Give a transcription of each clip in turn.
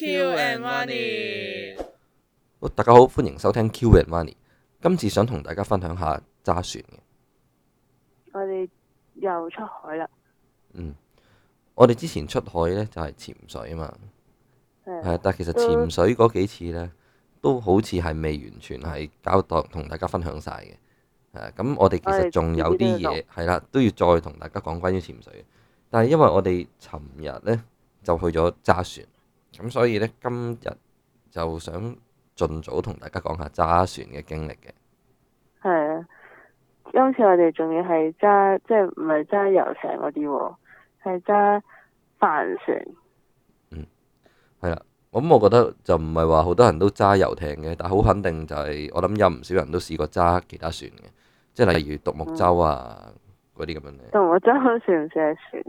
Q and Money，大家好，歡迎收聽 Q and Money。今次想同大家分享下揸船嘅，我哋又出海啦。嗯，我哋之前出海咧就係、是、潛水啊嘛，係的，但係其實潛水嗰幾次咧都好似係未完全係交代同大家分享晒嘅。誒、啊，咁我哋其實仲我們 還有啲嘢係啦，都要再同大家講關於潛水。但係因為我哋尋日咧就去咗揸船。咁所以咧，今日就想盡早同大家講下揸船嘅經歷嘅。係啊，今次我哋仲要係揸，即係唔係揸遊艇嗰啲，係揸帆船。嗯，係啊，咁我，我覺得就唔係話好多人都揸遊艇嘅，但係好肯定就係、係，我諗有唔少人都試過揸其他船嘅，即係例如獨木舟啊嗰啲咁樣嘅。獨木舟算唔算係船？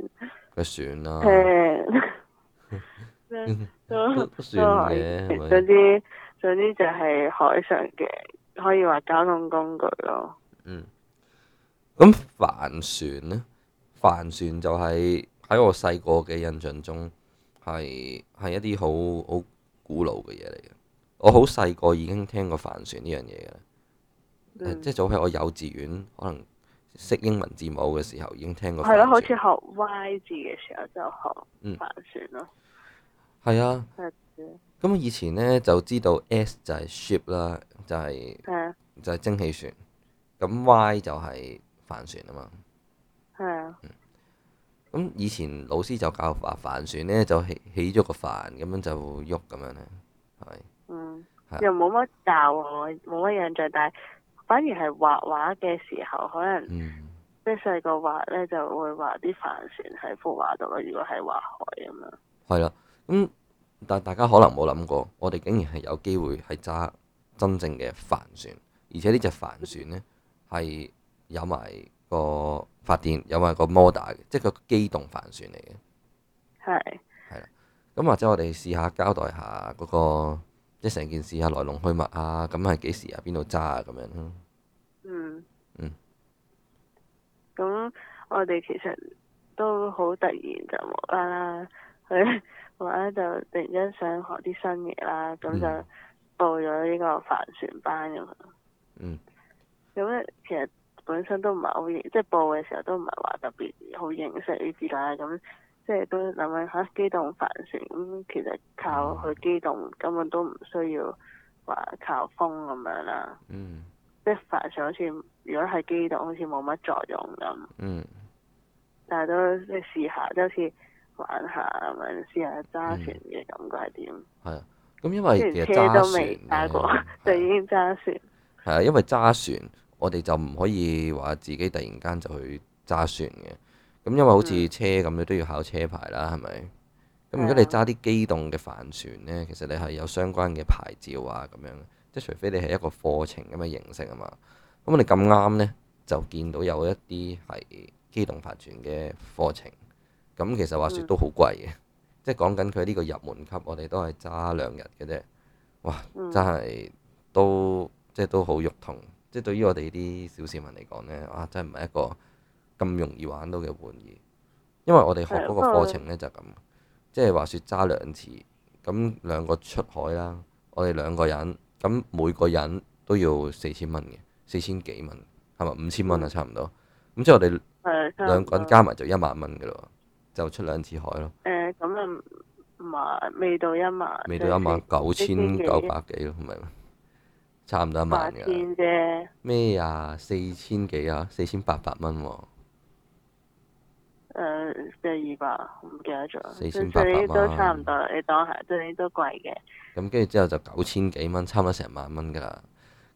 係船啦、啊。 都算係，總之吧總之就係海上嘅，可以話交通工具咯。咁、嗯、帆船呢？帆船就係喺我細個嘅印象中，係係一啲好好古老嘅嘢嚟嘅。我好細個已經聽過帆船呢樣嘢啦，嗯、即係早喺我幼稚園可能識英文字母嘅時候已經聽過。係咯，好似學 Y 字嘅時候就學帆船咯。嗯係啊，咁以前咧就知道 S 就係 ship 啦、就係，啊、就係就係蒸汽船，咁 Y 就係帆船啊嘛，係啊，咁、嗯、以前老師就教話帆船咧就起起咗個帆，咁樣就喐咁樣咧，係、啊，嗯，又冇乜教啊，冇乜印象，但係反而係畫畫嘅時候可能，即係細個畫咧就會畫啲帆船喺幅畫度咯，如果係畫海咁樣，係啦、啊。咁但大家可能冇諗過，我哋竟然係有機會係揸真正嘅帆船，而且呢隻帆船呢，係有埋個發電，有埋個 motor 嘅，即係個機動帆船嚟嘅。係。係啦。咁或者我哋試下交代下嗰個，即成件事啊，來龍去脈啊，咁係幾時啊，邊度揸啊，咁樣咯。嗯。嗯。咁我哋其實都好突然就冇啦啦，係。話咧就突然間想學啲新嘢啦，咁就報咗呢個帆船班咁。嗯。咁咧，其實本身都唔係好認，即係報嘅時候都唔係話特別好認識呢啲啦。咁即係都諗下吓機動帆船，咁其實靠佢機動根本都唔需要話靠風咁樣啦。嗯。即係帆船好似，如果係機動好似冇乜作用咁。嗯。但係都即係試下，即係好似。玩下咁樣試下揸船嘅感覺係點？係啊、嗯，咁、嗯、因為其實揸揸車都未揸過，啊、就已經揸船。係啊，因為揸船我哋就唔可以話自己突然間就去揸船嘅。咁因為好似車咁樣、嗯、都要考車牌啦，係咪？咁、啊、如果你揸啲機動嘅帆船咧，其實你係有相關嘅牌照啊咁樣。即係除非你係一個課程咁嘅形式啊嘛。咁我哋咁啱咧，就見到有一啲係機動帆船嘅課程。咁其實話説都好貴嘅，嗯、即係講緊佢呢個入門級，我哋都係揸兩日嘅啫。哇，真係都即係都好肉痛，即係對於我哋啲小市民嚟講呢，哇，真係唔係一個咁容易玩到嘅玩意。因為我哋學嗰個課程呢，就咁、嗯，即係話説揸兩次，咁兩個出海啦，我哋兩個人，咁每個人都要四千蚊嘅，四千幾蚊係咪五千蚊啊？差唔多，咁即係我哋兩個人加埋就一萬蚊嘅咯。就出兩次海咯。誒、呃，咁啊，萬，未到一萬。未到一萬九千九百幾咯，唔係，差唔多一萬㗎啫。咩啊？四千幾啊？四千八百蚊喎。誒，四千二百，唔記得咗。四千八百蚊。對你都差唔多，你當下對你都貴嘅。咁跟住之後就九千幾蚊，差唔多成萬蚊㗎。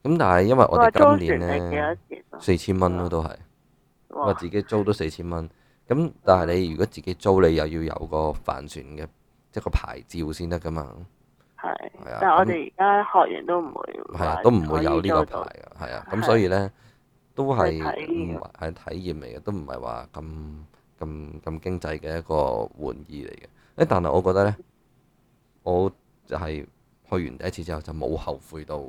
咁但係因為我哋今年咧，四千蚊咯都係。哇我自己租都四千蚊，咁但係你如果自己租，你又要有個帆船嘅，即係個牌照先得噶嘛。係，但係我哋而家學員都唔會，係啊，都唔會有呢個牌噶，係啊，咁係，係，所以咧都係係體驗嚟嘅，都唔係話咁咁咁經濟嘅一個玩意嚟嘅。誒，但係我覺得咧，我就係去完第一次之後就冇後悔到，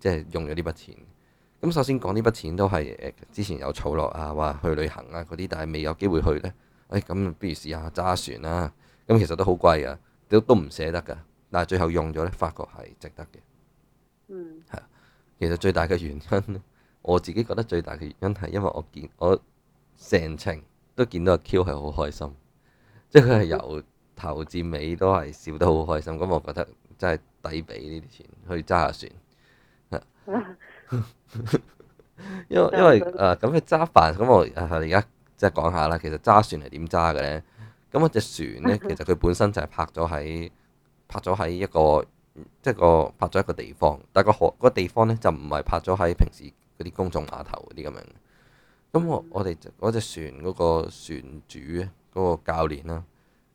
即係用咗呢筆錢。咁首先講呢筆錢都係誒之前有儲落啊，話去旅行啊嗰啲，但係未有機會去呢。誒、哎、咁，不如試下揸船啦。咁其實都好貴啊，都唔捨得噶。但係最後用咗呢，發覺係值得嘅。嗯。其實最大嘅原因，我自己覺得最大嘅原因係因為我見我成程都見到阿 Q 係好開心，即係佢係由頭至尾都係笑得好開心。咁、嗯嗯、我覺得真係抵俾呢啲錢去揸船，啊。 因為 因為誒，咁去揸帆，咁我而家即係講下啦。其實揸船係點揸嘅咧？咁我隻船咧，其實佢本身就係泊咗喺泊咗喺一個即係個泊咗一個地方，但係，嗰個河、嗰個地方咧就唔係泊咗喺平時嗰啲公眾碼頭嗰啲咁樣。咁我 我哋我隻船嗰個船主嗰，嗰個教練啦，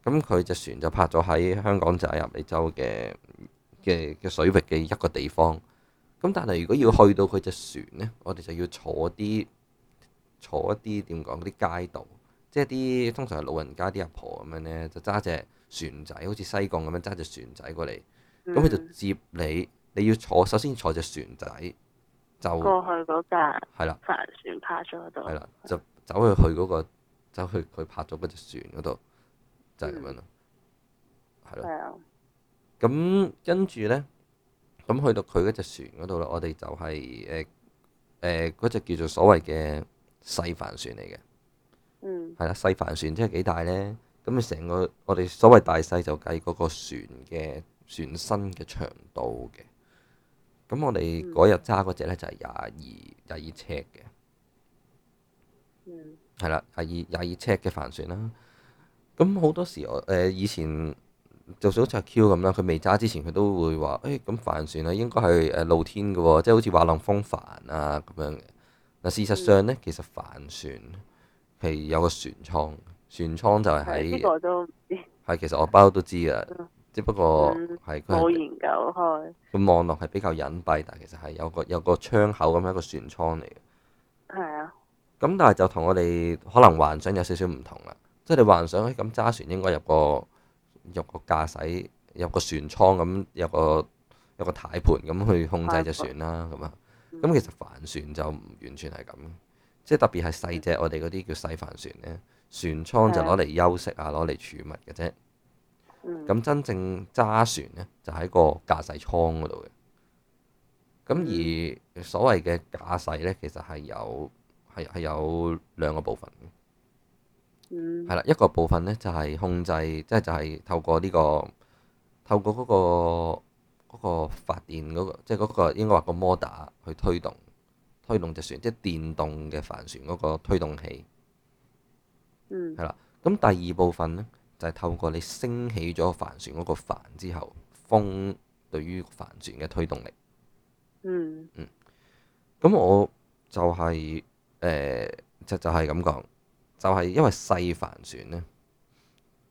咁佢隻船就泊咗喺香港就仔入脷洲嘅嘅嘅水域嘅一個地方。咁但係如果要去到佢隻船咧，我哋就要坐啲坐一啲點講啲街道，即係啲通常係老人家啲阿婆咁樣咧，就揸隻船仔，好似西貢咁樣揸隻船仔過嚟，咁佢、嗯、就接你。你要坐，首先坐隻船仔就過去嗰架係啦，帆船泊咗嗰度係啦，就走去去嗰、嗰個走去佢泊咗嗰隻船嗰度就係、係、咁樣咯，係咯。係啊，咁跟住咧。咁去到佢嗰隻船嗰度咧，我哋就係誒誒嗰隻叫做所謂嘅細帆船嚟嘅，嗯，係啦，細帆船即係幾大咧？咁啊，成個我哋所謂大細就計嗰個船嘅船身嘅長度嘅。咁我哋嗰日揸嗰隻咧就係廿二廿二尺嘅，嗯，係啦，廿二廿二尺嘅帆船啦。咁好多時我誒、呃、以前。就算好似阿 Q 咁啦，佢未揸之前佢都會話，誒、哎、咁帆船啊，應該係誒露天嘅喎，即係好似話滑浪風帆啊咁樣嘅。嗱事實上咧，其實帆船係有個船艙，船艙就係喺。係都唔知。係，其實我包都知噶， 只不過係佢冇研究開。咁望落係比較隱蔽，但其實係有個有個窗口咁樣一個船艙嚟嘅。係啊的。咁但係就同我哋可能幻想有少少唔同啦，即係你幻想咁揸船應該有個。入個駕駛，入個船艙咁，有個有個軚盤咁去控制隻船啦，咁啊，咁其實帆船就唔完全係咁，即係特別係細隻，我哋嗰啲叫細帆船咧，船艙就攞嚟休息啊，攞嚟儲物嘅啫。咁真正揸船咧，就喺個駕駛艙嗰度嘅。咁而所謂嘅駕駛咧，其實係有係係有兩個部分。係啦，嗯、一個部分咧就係、是、控制，即係就係、是、透過呢、這個，透過嗰、那個嗰、那個發電即係嗰個、就是那個、應該話個摩打去推動推動隻船，即係電動嘅帆船嗰個推動器。嗯。係啦，咁第二部分咧就係、是、透過你升起咗帆船嗰個帆之後，風對於帆船嘅推動力。嗯。嗯。咁我就係、是、誒、呃，就就係咁講。就係因為細帆船咧，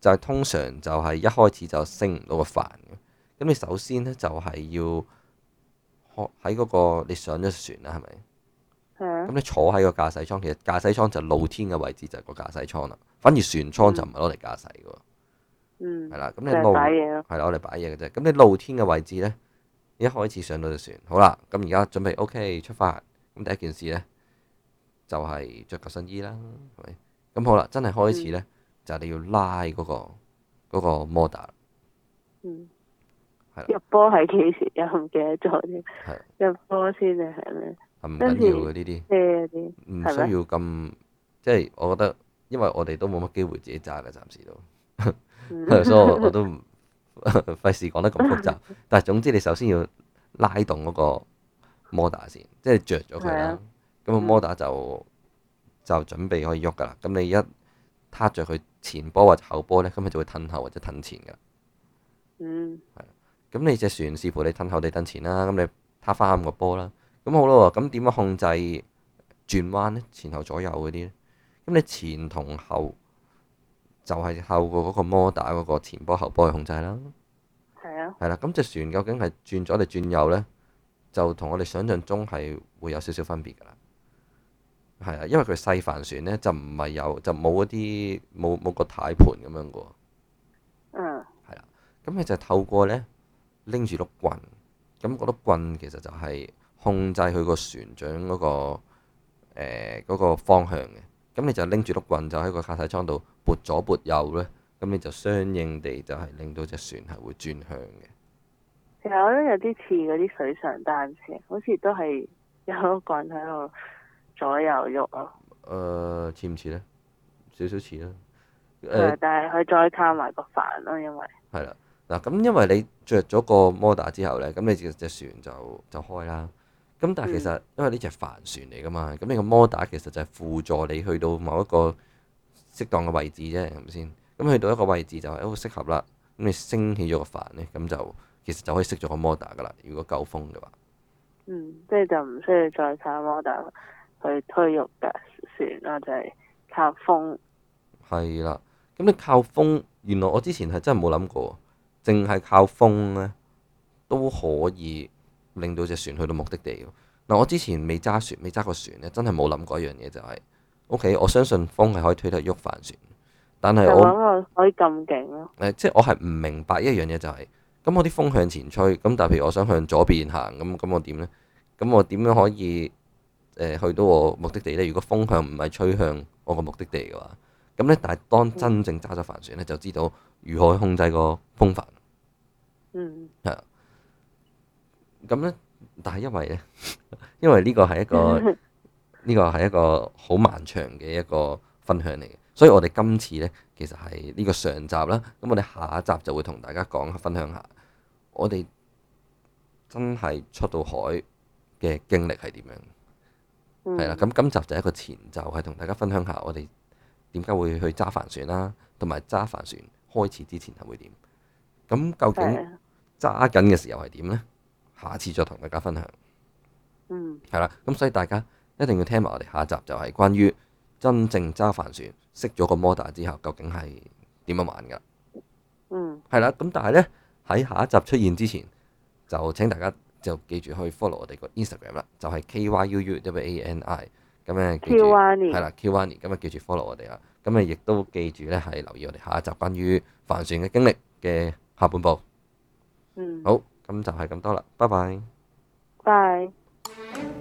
就係、是、通常就係一開始就升唔到個帆嘅。咁你首先咧就係要喎喺嗰個你上咗船啦，係咪？係啊。咁你坐喺個駕駛艙，其實駕駛艙就露天嘅位置就係、是、個駕駛艙啦。反而船艙就唔係攞嚟駕駛嘅。嗯。係啦，咁你攞係攞嚟擺嘢嘅啫。咁你露天嘅位置咧，你一開始上到隻船，好啦，咁而家準備 OK 出發。咁第一件事咧，就係着救生衣啦，係咪？咁好啦，真係開始咧，嗯、就你要拉嗰、嗰個嗰、嗰個 model。嗯，係啦。入波係幾時？又唔記得咗添。入波先啊，係咩？係唔緊要嘅呢啲，啲唔需要咁，即係我覺得，因為我哋都冇乜機會自己揸嘅，暫時都， 所以我都唔費事講得咁複雜。但係總之，你首先要拉動嗰個 model 先，即係着咗佢啦。咁個 model 就。嗯就準備可以喐噶啦，咁你一揦着佢前波或者後波呢，咁佢就會褪後或者褪前噶。嗯。係。咁你隻船視乎你褪後定褪前啦，咁你揦翻咁個波啦。咁好咯，咁點樣控制轉彎呢？前後左右嗰啲呢？咁你前同後就係、是、靠個嗰摩打嗰個前波後波去控制啦。係啊、嗯。係啦，咁隻船究竟係轉左定轉右呢？就同我哋想象中係會有少少分別噶啦。係啊，因為佢細帆船咧就唔係有，就冇一啲冇，冇個軚盤咁樣噶。嗯。係啊，咁你就透過咧拎住碌棍，咁嗰碌棍其實就係控制佢個船長嗰、嗰個誒、呃嗰個方向嘅。咁你就拎住碌棍就喺個駕駛艙度撥左撥右咧，咁你就相應地就係令到隻船係會轉向嘅。其實我覺得有啲似嗰啲水上單車，好似都係有碌棍喺度。左右喐啊，誒似唔似咧？少少似啦，誒、呃，但係佢再靠埋個帆咯，因為係啦，嗱咁，因為你着咗個摩打之後咧，咁你隻隻船就就開啦。咁但係其實因為呢隻帆船嚟噶嘛，咁、嗯、你個摩打其實就係輔助你去到某一個適當嘅位置啫，係咪先？咁去到一個位置就係好適合啦。咁你升起咗個帆咧，咁就其實就可以熄咗個摩打噶啦。如果夠風嘅話，嗯，即係就唔需要再靠摩打啦。去推喐嘅船啦，就係靠風。係啦，咁你靠風，原來我之前係真係冇諗過，淨係靠風咧都可以令到隻船去到目的地。嗱，我之前未揸船，未揸過船咧，真係冇諗過一樣嘢就係，OK，我相信風係可以推得喐帆船。但係我諗我可以咁勁咯。誒，即係我係唔明白一樣嘢就係，咁我啲風向前吹，咁但係譬如我想向左邊行，咁咁我點咧？咁我點樣可以？誒去到我目的地咧，如果風向唔係吹向我個目的地嘅話，咁咧，但係當真正揸咗帆船咧，就知道如何控制個風帆。嗯。係。咁咧，但係因為咧，因為呢個係一個，呢個係一個好漫長嘅一個分享嚟嘅，所以我哋今次咧，其實係呢個上集啦。咁我哋下一集就會同大家講分享下，我哋真係出到海嘅經歷係點樣。係啦，咁今集就係一個前奏，係同大家分享下我哋點解會去揸帆船啦、啊，同埋揸帆船開始之前係會點。咁究竟揸緊嘅時候係點呢？下次再同大家分享。嗯。係啦，咁所以大家一定要聽埋我哋下集，就係關於真正揸帆船，識咗個 model 之後，究竟係點樣玩噶。嗯。係啦，咁但係呢，喺下一集出現之前，就請大家。就記住去 follow 我哋個 Instagram 啦，就係、是、K Y U U W A N I，咁啊，記住係啦，Q Annie，咁啊，記住 follow 我哋啦，咁啊，亦都記住咧係留意我哋下一集關於帆船嘅經歷嘅下半部。嗯。好，咁就係咁多啦，拜拜。bye。